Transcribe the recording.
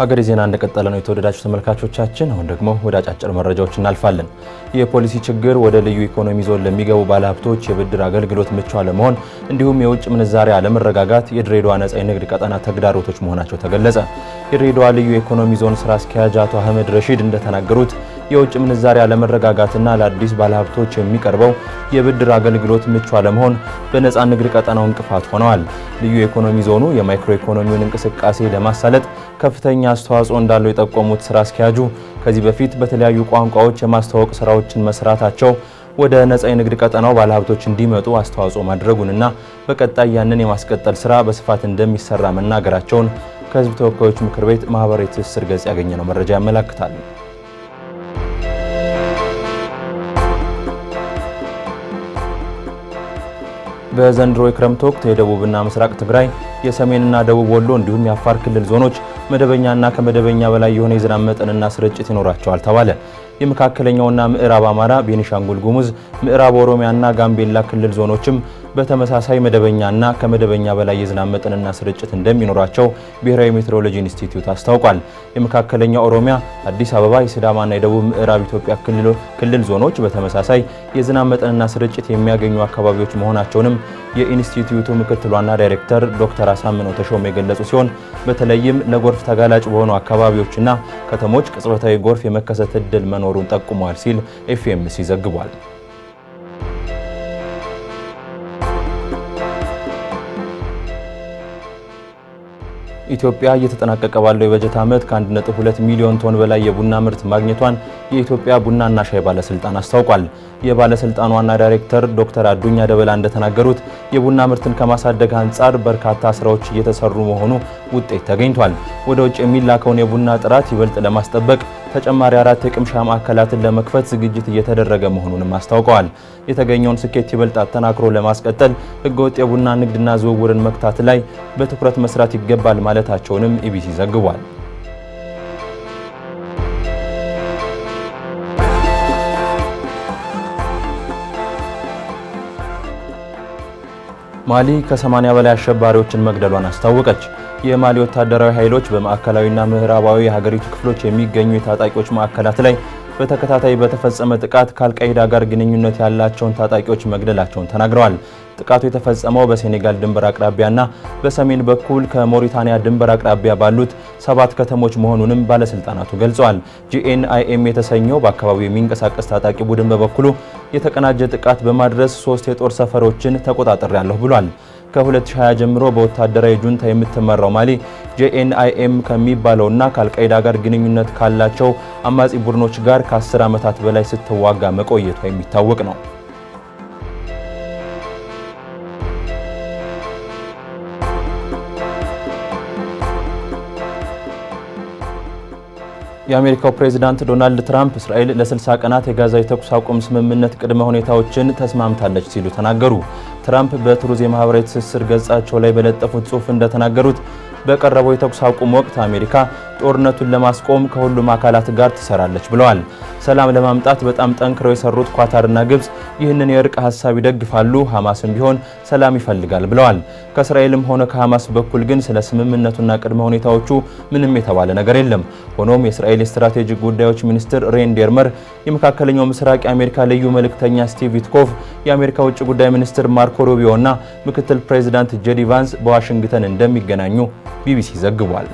ሀገሬ ዜና እንደቀጠለ ነው። የተወደዳችሁ ተመልካቾቻችን፣ አሁን ደግሞ ወደ አጫጭር መረጃዎች እናልፋለን። የፖሊሲ ችግር ወደ ልዩ ኢኮኖሚ ዞን ለሚገቡ ባለሀብቶች የብድር አገልግሎት ምቹ አለመሆን እንዲሁም የውጭ ምንዛሪ አለመረጋጋት የድሬዳዋ ነጻ የንግድ ቀጠና ተግዳሮቶች መሆናቸው ተገለጸ። የድሬዳዋ ልዩ ኢኮኖሚ ዞን ስራ አስኪያጅ አቶ አህመድ ረሺድ እንደተናገሩት የውጭ ምንዛሪ አለመረጋጋትና ለአዲስ ባለሀብቶች የሚቀርበው የብድር አገልግሎት ምቹ አለመሆን በነፃ ንግድ ቀጠናው እንቅፋት ሆነዋል። ልዩ የኢኮኖሚ ዞኑ የማይክሮ ኢኮኖሚውን እንቅስቃሴ ለማሳለጥ ከፍተኛ አስተዋጽኦ እንዳለው የጠቆሙት ስራ አስኪያጁ ከዚህ በፊት በተለያዩ ቋንቋዎች የማስተዋወቅ ስራዎችን መስራታቸው ወደ ነፃ የንግድ ቀጠናው ባለሀብቶች እንዲመጡ አስተዋጽኦ ማድረጉንና በቀጣይ ያንን የማስቀጠል ስራ በስፋት እንደሚሰራ መናገራቸውን ከህዝብ ተወካዮች ምክር ቤት ማህበራዊ ትስስር ገጽ ያገኘነው መረጃ ያመላክታል። በዘንድሮ የክረምት ወቅት የደቡብና ምስራቅ ትግራይ የሰሜንና ደቡብ ወሎ እንዲሁም የአፋር ክልል ዞኖች መደበኛና ከመደበኛ በላይ የሆነ የዝናብ መጠንና ስርጭት ይኖራቸዋል ተባለ። የመካከለኛውና ምዕራብ አማራ፣ ቤኒሻንጉል ጉሙዝ፣ ምዕራብ ኦሮሚያና ጋምቤላ ክልል ዞኖችም በተመሳሳይ መደበኛና ከመደበኛ በላይ የዝናብ መጠንና ስርጭት እንደሚኖራቸው ብሔራዊ ሜትሮሎጂ ኢንስቲትዩት አስታውቋል። የመካከለኛ ኦሮሚያ፣ አዲስ አበባ፣ የሲዳማና የደቡብ ምዕራብ ኢትዮጵያ ክልል ዞኖች በተመሳሳይ የዝናብ መጠንና ስርጭት የሚያገኙ አካባቢዎች መሆናቸውንም የኢንስቲትዩቱ ምክትል ዋና ዳይሬክተር ዶክተር አሳምነው ተሾመ የገለጹ ሲሆን በተለይም ለጎርፍ ተጋላጭ በሆኑ አካባቢዎችና ከተሞች ቅጽበታዊ ጎርፍ የመከሰት እድል መኖሩን ጠቁሟል ሲል ኤፍኤምሲ ዘግቧል። ኢትዮጵያ እየተጠናቀቀ ባለው የበጀት ዓመት ከ1.2 ሚሊዮን ቶን በላይ የቡና ምርት ማግኘቷን የኢትዮጵያ ቡናና ሻይ ባለስልጣን አስታውቋል። የባለስልጣኑ ዋና ዳይሬክተር ዶክተር አዱኛ ደበላ እንደተናገሩት የቡና ምርትን ከማሳደግ አንጻር በርካታ ስራዎች እየተሰሩ መሆኑ ውጤት ተገኝቷል። ወደ ውጭ የሚላከውን የቡና ጥራት ይበልጥ ለማስጠበቅ ተጨማሪ አራት የቅምሻ ማዕከላትን ለመክፈት ዝግጅት እየተደረገ መሆኑንም አስታውቀዋል። የተገኘውን ስኬት ይበልጥ አጠናክሮ ለማስቀጠል ህገወጥ የቡና ንግድና ዝውውርን መክታት ላይ በትኩረት መስራት ይገባል ማለታቸውንም ኢቢሲ ዘግቧል። ማሊ ከ80 በላይ አሸባሪዎችን መግደሏን አስታወቀች። የማሊ ወታደራዊ ኃይሎች በማዕከላዊና ምዕራባዊ የሀገሪቱ ክፍሎች የሚገኙ የታጣቂዎች ማዕከላት ላይ በተከታታይ በተፈጸመ ጥቃት ከአልቃይዳ ጋር ግንኙነት ያላቸውን ታጣቂዎች መግደላቸውን ተናግረዋል። ጥቃቱ የተፈጸመው በሴኔጋል ድንበር አቅራቢያና በሰሜን በኩል ከሞሪታንያ ድንበር አቅራቢያ ባሉት ሰባት ከተሞች መሆኑንም ባለስልጣናቱ ገልጸዋል። ጂኤንአይኤም የተሰኘው በአካባቢው የሚንቀሳቀስ ታጣቂ ቡድን በበኩሉ የተቀናጀ ጥቃት በማድረስ ሶስት የጦር ሰፈሮችን ያለሁ ብሏል። ከ2020 ጀምሮ በወታደራዊ ጁንታ የምትመራው ማሊ ጄኤንአይኤም ከሚባለውና ከአልቃይዳ ጋር ግንኙነት ካላቸው አማጺ ቡድኖች ጋር ከ10 ዓመታት በላይ ስትዋጋ መቆየቷ የሚታወቅ ነው። የአሜሪካው ፕሬዝዳንት ዶናልድ ትራምፕ እስራኤል ለ60 ቀናት የጋዛ የተኩስ አቁም ስምምነት ቅድመ ሁኔታዎችን ተስማምታለች ሲሉ ተናገሩ። ትራምፕ በትሩዝ የማህበራዊ ትስስር ገጻቸው ላይ በለጠፉት ጽሑፍ እንደተናገሩት በቀረበው የተኩስ አቁም ወቅት አሜሪካ ጦርነቱን ለማስቆም ከሁሉም አካላት ጋር ትሰራለች ብለዋል። ሰላም ለማምጣት በጣም ጠንክረው የሰሩት ኳታርና ግብጽ ይህንን የእርቅ ሀሳብ ይደግፋሉ። ሐማስም ቢሆን ሰላም ይፈልጋል ብለዋል። ከእስራኤልም ሆነ ከሐማስ በኩል ግን ስለ ስምምነቱና ቅድመ ሁኔታዎቹ ምንም የተባለ ነገር የለም። ሆኖም የእስራኤል የስትራቴጂክ ጉዳዮች ሚኒስትር ሬን ዴርመር፣ የመካከለኛው ምስራቅ የአሜሪካ ልዩ መልእክተኛ ስቲቭ ዊትኮቭ፣ የአሜሪካ ውጭ ጉዳይ ሚኒስትር ማርኮ ሩቢዮ እና ምክትል ፕሬዚዳንት ጄዲ ቫንስ በዋሽንግተን እንደሚገናኙ ቢቢሲ ዘግቧል።